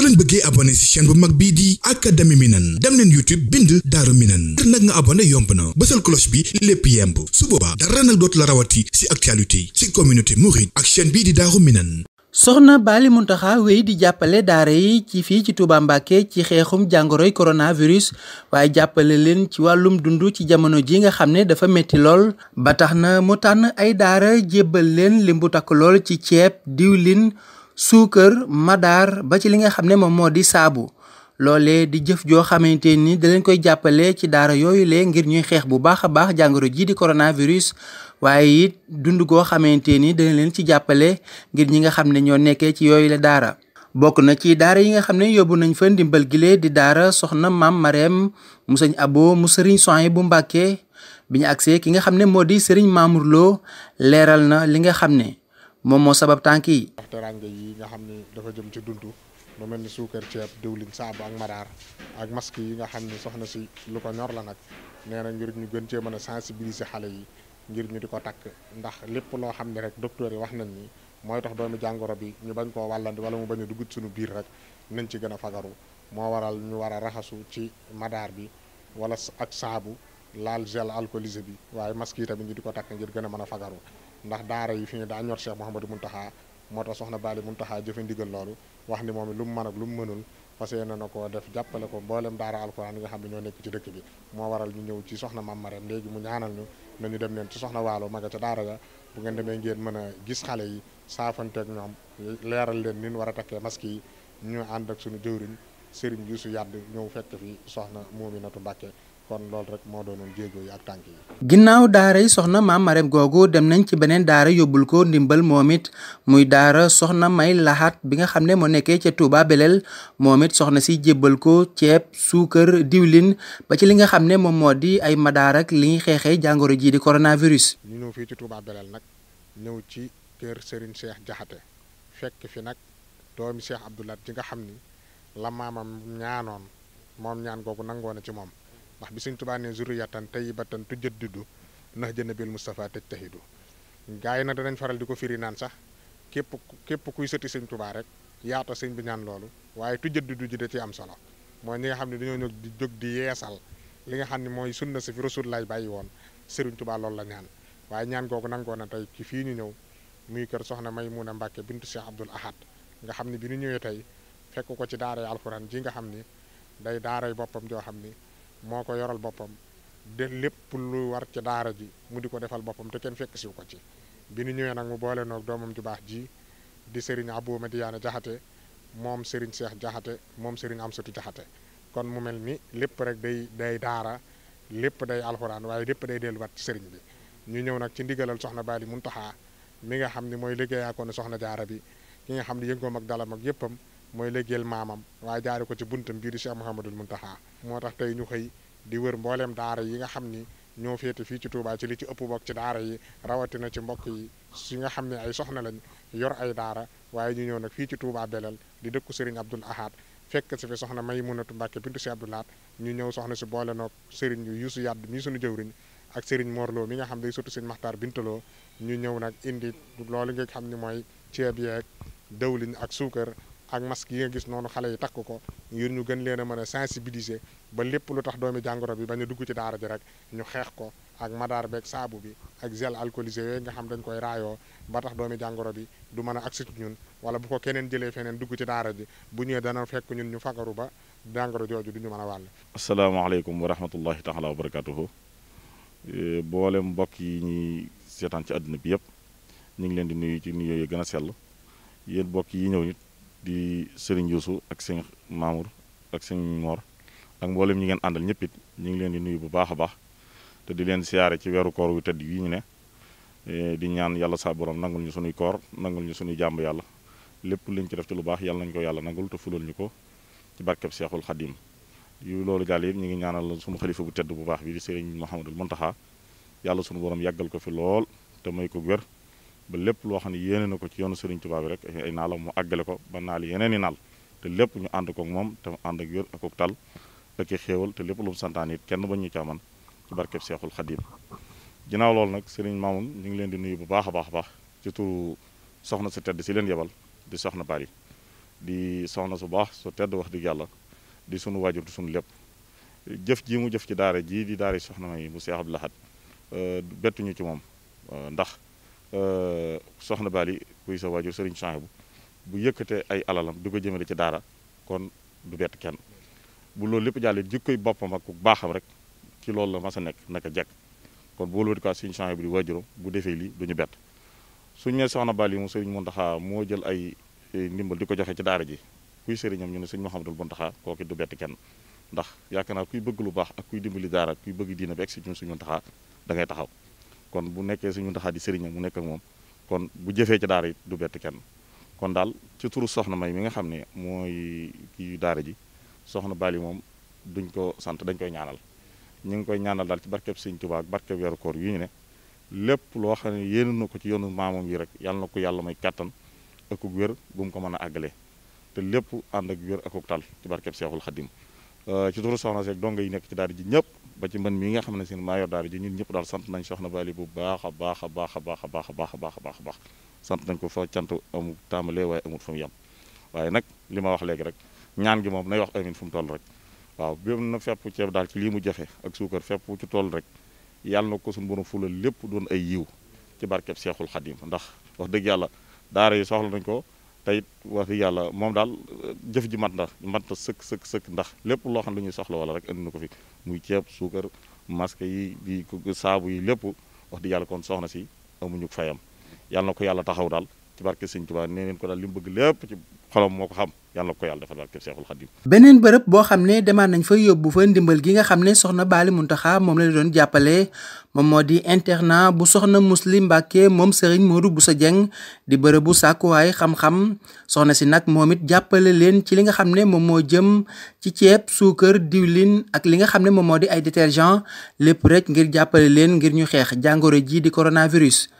soo leen bëggee abonné ci chaîne bu mag bii di académie Minane dem leen YouTube bind Daaru Minane ngir nag nga abonné yomb na bësal cloche bi lépp yemb su boobaa dara nag dootu la rawati ci actualité ci communauté mouride ak chaîne bii di Daaru Minane soxna Baali Muntaxa wéy di jàppale daara yi ci fii ci Touba Mbacké ci xeexum jàngoroy coronavirus waaye jàppale leen ci wàllum dund ci jamono ji nga xam ne dafa metti lool ba tax na mu tànn ay daara jébbal leen limbu takk lool ci ceeb diwlin suukar madaar ba ci li nga xam ne moom moo di saabu loolee di jëf joo xamante ni da leen koy jàppale ci daara yooyu lee ngir ñuy xeex bu baax a baax jàngoro jii di coronavirus waaye it dund goo xamante ni dana leen ci jàppale ngir ñi nga xam ne ñoo nekkee ci yooyu la daara. bokk na ci daara yi nga xam ne yóbbu nañ fa ndimbal gile di daara soxna maam Marème mu sëñ Abo mu sëriñ Sohaybu bu Mbàkke bi ñu agsee ki nga xam ne moo di sëriñ Mamour Lo leeral na li nga xam ne. moom moo sabab tànk yi. ndax teraanga nga xam ne dafa jëm ci dundu lu mel ni suukar ceeb diwlin saabu ak madaar ak masque yi nga xam ne soxna si lu ko ñor la nag nee na ngir ñu gën cee mën a sensibiliser xale yi ngir ñu di ko takk ndax lépp loo xam ne rek docteur yi wax nañ ni mooy tax doomu jàngoro bi ñu bañ koo wàllandi wala mu bañ duggut dugg suñu biir rek nañ ci gën a fagaru moo waral ñu war a raxasu ci madaar bi wala ak saabu laal gel alcoolisé bi waaye masque yi tamit ñu di ko takk ngir gën a mën a fagaru. ndax daara yi fi ne daa ñor Cheikh Mouhamadou taxa moo tax soxna Bali Mountakha jëfe ndigal loolu wax ni moom lu mu mën ak lu mu mënul fas yéene na ko def jàppale ko mboolem daara alxuraan yi nga xam ne ñoo nekk ci dëkk bi moo waral ñu ñëw ci soxna Mame Marème léegi mu ñaanal ñu nañu dem leen ci soxna Waalo maga ca daara ja bu ngeen demee ngeen mën a gis xale yi saafanteeg ñoom leeral leen nin war a takkee masque yi ñu ànd ak suñu jëwriñ sëriñ Yuusu Yàdd ñëw fekk fi soxna Muminatu Mbàkke kon loolu moo doonoon jéego yi ak ginnaaw daara soxna maam Marème googu dem nañ ci beneen daara yóbbul ko ndimbal moom muy daara soxna may laxaat bi nga xam ne moo nekkee ca Touba Belel moom it soxna si jébbal ko ceeb suukar diwlin ba ci li nga xam ne moom moo di ay madaar li ñuy xeexee jàngoro jii di coronavirus. ñu ñëw fii ci Touba nag ñëw ci kër Serigne Cheikh Jaxate fekk fi nag doomi Cheikh Abdoulaat ji nga xam ni la maamam ñaanoon moom ñaan googu nangoo ci moom. ndax bi suñ tubaa ne zuriyatan tayyibatan tujaddidu nax jëna bil Moustapha tej taxidu gars yi nag danañ faral di ko firi naan sax képp képp kuy sëti suñ tubaa rek yaato sëñ bi ñaan loolu waaye tujaddidu ji da ci am solo mooy ñi nga xam ne dañoo ñëw di jóg di yeesal li nga xam ne mooy sunna si fi rasul lay bàyyi woon sëriñ tubaa loolu la ñaan waaye ñaan googu nangoo na tey ci fii ñu ñëw muy kër soxna Maymuna Mbàkke bintu Cheikh Abdoul Ahad nga xam ne bi ñu ñëwee tey fekk ko ci daaray alxuraan ji nga xam ni day daaray boppam joo xam ni moo ko yoral boppam de lépp lu war ci daara ji mu di ko defal boppam te kenn fekk siw ko ci bi nu ñëwee nag mu boole noog doomam ju baax ji di Serigne di Madiane Jaxate moom Serigne Cheikh Jaxate moom Serigne Amsatu Jaxate kon mu mel ni lépp rek day day daara lépp day alxuraan waaye lépp day delluwaat ci Serigne bi ñu ñëw nag ci ndigalal soxna Bali taxaa mi nga xam ni mooy liggéeyaa ko ne soxna jaara bi ki nga xam ni yëngoom mag dalam ak yëppam mooy liggéeyal maamam waaye jaare ko ci buntam bii di Cheikh Mouhamadul Mountakha moo tax tey ñu xëy di wër mbooleem daara yi nga xam ni ñoo féete fii ci Touba ci li ci ëpp bokk ci daara yi rawatina ci mbokk yi si nga xam ne ay soxna lañ yor ay daara waaye ñu ñëw nag fii ci Touba Belel di dëkku Serigne Abdoul Ahad fekk si fi soxna Maymunatu Mbàkke bintu si Abdoul Ahad ñu ñëw soxna si boole noog Serigne yu Yuusu Yàdd mii suñu jëwriñ ak Serigne Morlo mi nga xam day sotu Serigne Maxtaar Bintaloo ñu ñëw nag indi loolu nga xam ne mooy ceeb yeeg dëwlin ak suukar ak masque yi nga gis noonu xale yi takk ko ngir ñu gën leen a mën a sensibiliser ba lépp lu tax doomi jàngoro bi bañ a dugg ci daara ji rek ñu xeex ko ak madaar beeg saabu bi ak gel alcoolisé yooyu nga xam dañ koy raayoo ba tax doomi jàngoro bi du mën a agsi ñun wala bu ko keneen jëlee feneen dugg ci daara ji bu ñëwee dana fekk ñun ñu fagaru ba jàngoro jooju du ñu mën a wàll. asalaamaaleykum wa rahmatullahi taala wa barakatuhu e, boole mbokk yi ñuy seetaan ci àdduna bi yëpp ñu ngi leen di nuyu ci nuyoo gën a sell yéen mbokk yi ñëw nit di sëriñ Youssou ak sëñ Mamour ak sëñ Mor ak mboolem ñi ngeen àndal ñëpp it ñu ngi leen di nuyu bu baax a baax te di leen siyaare ci weeru koor wi tëdd yi ñu ne e, di ñaan yàlla saa borom nangul ñu sunuy koor nangul ñu sunuy jàmb yàlla lépp luñ ci def ci lu baax yàlla nañ ko yàlla nangul te fulal ñu ko ci barkeb Seexul Xadim yu loolu jàll yëpp ñu ngi ñaanal suma xalifa bu tedd bu baax bi di sëriñ Mouhamadul Mountakha yàlla sunu borom yàggal ko fi lool te may ko wér ba lépp loo xam ne yéene ko ci yoonu Serigne Touba bi rek ay naalam mu àggale ko ba naal yeneen i naal te lépp ñu ànd kook moom te ànd ak wér ak ak tal ak i xéewal te lépp lu mu santaan it kenn bañ ñu caaman ci barkeb Seexul Xadiim ginnaaw lool nag Serigne Mamoun ñu ngi leen di nuyu bu baax a baax a baax ci turu soxna su tedd si leen yebal di soxna bari di soxna su baax su tedd wax dëgg yàlla di sunu waajur di sunu lépp jëf ji mu jëf ci daara jii di daara soxna may bu Seex Abdul Ahad euh, bettuñu ci moom euh, ndax Euh, soxna Bali kuy sa waajur sëriñ Chouaïbou bu yëkkatee ay alalam du ko jëmale ci daara kon du bett kenn bu loolu lépp jàllee jikkoy boppam ak ku baaxam rek ci loolu la mas a nekk naka jekk kon bu wëlbati quoi sëriñ Chouaïbou di waajuram bu defee lii ñu bett suñ nee soxna Bali mu sëriñ Mountakha moo jël ay ndimbal di ko joxe ci daara ji kuy sëriñam ñu ne sëriñ Mouhamadul Mountakha kooku du bett kenn ndax yaakaar naa kuy bëgg lu baax ak kuy dimbali daara kuy bëgg diina bi egg si ñun sëriñ da ngay taxaw kon bu nekkee suñu ndaxaa di sëriñam mu nekk moom kon bu jëfee ci daara it du bett kenn kon daal ci turu soxna may mi nga xam ne mooy kii daara ji soxna Bali moom duñ ko sant dañ koy ñaanal ñu ngi koy ñaanal daal ci barkeb Sëriñ Tuubaa ak barkeb weeru koor yu ñu ne lépp loo xam ne yéene na ko ci yoonu maamam yi rek yàlla ko yàlla may kàttan ak wér bu ko mën a àggale te lépp ànd ak wér ak tal ci barkeb Seexul Xadim ci turu soxna seeg donga yi nekk ci daara ji ñëpp ba ci man mii nga xam ne si maa yor daara ji ñun ñëpp daal sant nañ soxna Bali bu baax a baax a baax a baax a baax a baax a baax baax a baax sant nañ ko fa cant amul tàmbalee waaye amul fu mu yem waaye nag li ma wax léegi rek ñaan gi moom nay wax amin fu mu toll rek waaw bém na fepp ceeb daal ci lii mu jafe ak suukar fepp ci toll rek yàlla na ko suñu borom fulal lépp doon ay yiw ci barkeb Seexul Xadim ndax wax dëgg yàlla daara yi soxla nañ ko te it wax dëgg yàlla moom daal euh, jëf ji mat ndax mat na sëkk sëkk sëkk ndax lépp loo xam ne lu soxla wala rek indi ko fi muy ceeb suukar masque yi di saabu yi lépp wax dëgg yàlla kon soxna si amuñu fayam yàlla na ko yàlla taxaw daal ci barke sëñ Tuubaa nee neen ko daal li mu bëgg lépp ci ko xam yàlla ko yàlla defal beneen bërëb boo xam ne demaan nañ fa yóbbu fa ndimbal gi nga xam ne soxna Baali Muntaxa moom la doon jàppale moom moo di internant bu soxna Muslim Mbàkke moom moo Moodu sa Jeng di bërëbu sàkkuwaay xam-xam soxna si nag moom it jàppale leen ci li nga xam ne moom moo jëm ci ceeb suukar diwlin ak li nga xam ne moom moo di ay détergent lépp rek ngir jàppale leen ngir ñu xeex jàngoro ji di coronavirus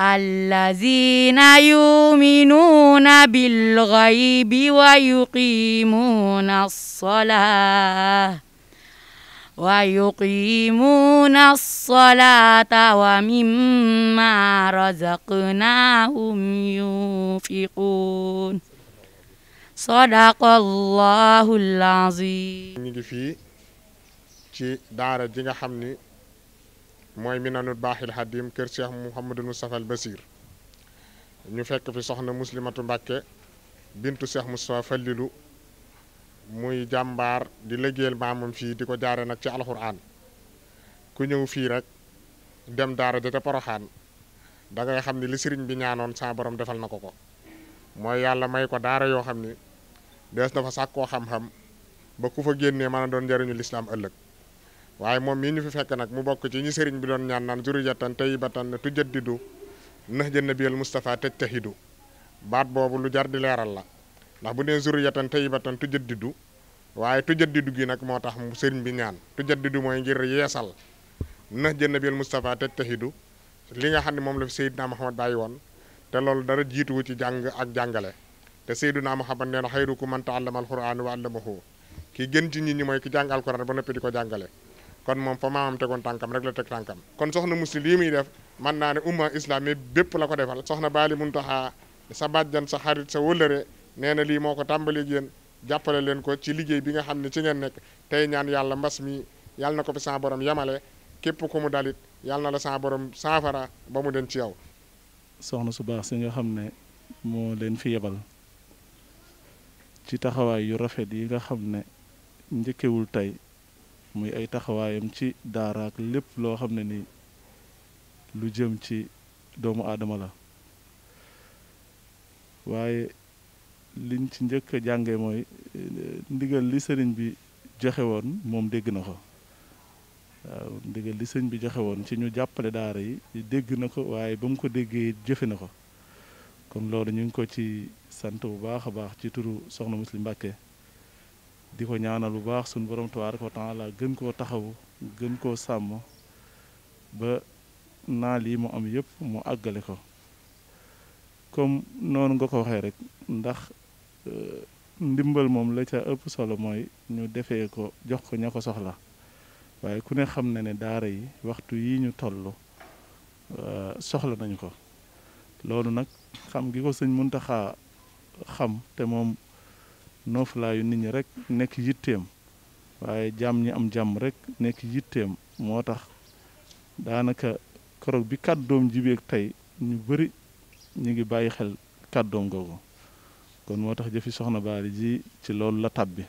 الذين يؤمنون بالغيب ويقيمون الصلاة ويقيمون الصلاة ومما رزقناهم ينفقون صدق الله العظيم ñu ngi fii ci daara ji nga xam ni mooy minanul baaxil xadim kër seex cheikh mouhamadul moustapha al basir ñu fekk fi soxna muslimatu mbàkke bintu cheikh moustapha fallilu muy jàmbaar di liggéeyal maamam fii di ko jaare nag ci alxuraan ku ñëw fii rek dem daara ja ca poroxaan da ngay xam ni li sëriñ bi ñaanoon saa borom defal na ko ko mooy yàlla may ko daara yoo xam ni dees na fa sàkkoo xam-xam ba ku fa génnee mën doon njariñu lislaam ëllëg waaye moom mii ñu fi fekk nag mu bokk ci ñi sëriñ bi doon ñaan naan zuriyatan tayyibatan tujaddidu nahja nabiyil Mustafa tajtahidu baat boobu lu jar di leeral la ndax bu nee zuriyatan tayyibatan tujaddidu waaye tujaddidu gi nag moo tax mu sëriñ bi ñaan tujaddidu mooy ngir yeesal nahja nabiyil Mustafa tajtahidu li nga xam ne moom la fi Seydina Muhammad bàyyi woon te loolu dara jiituwu ci jàng ak jàngale te Seydina Muhammad nee na xayrukum man ta'allama al-Qur'ana wa 'allamahu ki gën ci nit ñi mooy ki jàng alquran ba noppi di ko jàngale kon moom fa maamam tegoon tànkam rek la teg tànkam kon soxna musli lii muy def mën naa ne umma islam yi bépp la ko defal soxna baali muntaxa sa bàjjan sa xarit sa wëllëre nee na lii moo ko tàmbaleeg yéen jàppale leen ko ci liggéey bi nga xam ne ci ngeen nekk tey ñaan yàlla mbas mi yàlla na ko fi sa borom yamale képp ko mu dalit yàlla na la sa saafara ba mu den ci yow soxna su baax si nga xam ne moo leen fi yebal ci taxawaay yu rafet yi nga xam ne njëkkewul tey muy ay taxawaayam ci daaraak lépp loo xam ne ni lu jëm ci doomu aadama la waaye liñ ci njëkk a jànge mooy eh, ndigal li sëriñ bi joxe woon moom dégg na ko waaw ndigal li sëriñ bi joxe woon ci ñu jàppale daara yi dégg na ko waaye ba ko déggee jëfe na ko kon loolu ñu ngi ko ci sant bu baax a baax ci turu soxna Muslim Mbàkke di ko ñaanal bu baax suñu borom tabaaraka wa taala gën koo taxawu gën koo sàmm ba naa lii mu am yépp mu àggale ko comme noonu nga ko waxee rek ndax euh, ndimbal moom la ca ëpp solo mooy ñu defee ko jox ko ña ko soxla waaye ku ne xam na ne daara yi waxtu yi ñu toll euh, soxla nañu ko loolu nag xam gi ko sëñ Muntaxa xam te moom noofalaayu nit ñi rek nekk yitteem waaye jàmm ñi am jàmm rek nekk yitteem moo tax daanaka keroog bi kàddoom jibeek tey ñu bëri ñu ngi bàyyi xel kàddoom googu kon moo tax jëfi soxna Baali ji ci loolu la tàbbi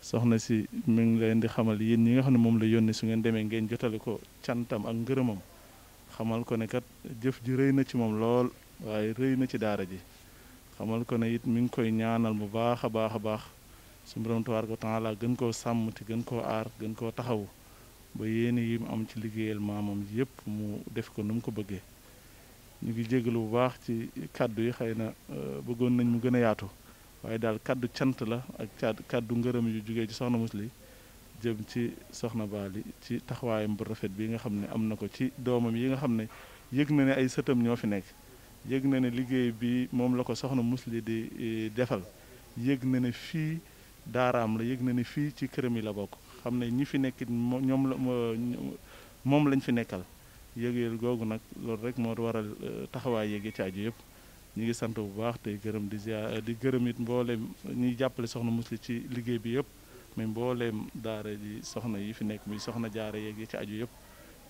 soxna si mi ngi leen di xamal yéen ñi nga xam ne moom la yónni su ngeen demee ngeen jotale ko cantam ak ngërëmam xamal ko ne jëf ji rëy na ci moom lool waaye rëy na ci daara ji xamal ko ne it mu ngi koy ñaanal bu baax a baax a baax su borom tabaaraka temps taala gën koo sàmm te gën koo aar gën koo taxaw ba yéene yi mu am ci liggéeyal maamam yëpp mu def ko nu mu ko bëggee ñu ngi jégalu bu baax ci kàddu yi xëy na euh, bëggoon nañ mu gën a yaatu waaye daal kàddu cant la ak cad kàddu ngërëm yu jugee ci soxna Musli jëm ci soxna Baali ci taxawaayam bu rafet bii nga xam ne am na ko ci doomam yi nga xam ne yëg na ne ay sëtam ñoo fi nekk yëg na ne liggéey bi moom la ko soxna Mously di eh, defal yëg na ne fii daaraam la yëg na ne fii ci këram yi la bokk xam ne ñi fi nekk ñoom la moom lañ fi nekkal yëg-yëg googu nag loolu rek moo waral eh, taxawaay yéegi ci aju yëpp ñu ngi sant bu baax tey gërëm di ziar eh, di gërëm it mboolem ñuy jàppale soxna Mously ci liggéey bi yëpp mais mboolem daara ji soxna yi fi nekk muy soxna jaara yéegi ci aju yëpp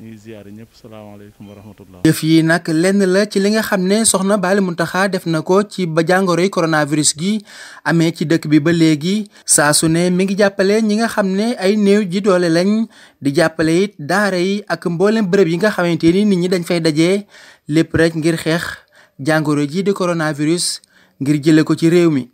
ñuy ñëpp salaamaaleykum wa rahmatullah jëf yi nag lenn la ci li nga xam ne soxna Baali Muntaxa def na ko ci ba jàngoroy coronavirus gi amee ci dëkk bi ba léegi saa su ne mi ngi jàppale ñi nga xam ne ay néew ji doole lañ di jàppale it daara yi ak mboolem bërëb yi nga xamante ni nit ñi dañ fay dajee lépp rek ngir xeex jàngoro ji di coronavirus ngir jële ko ci réew mi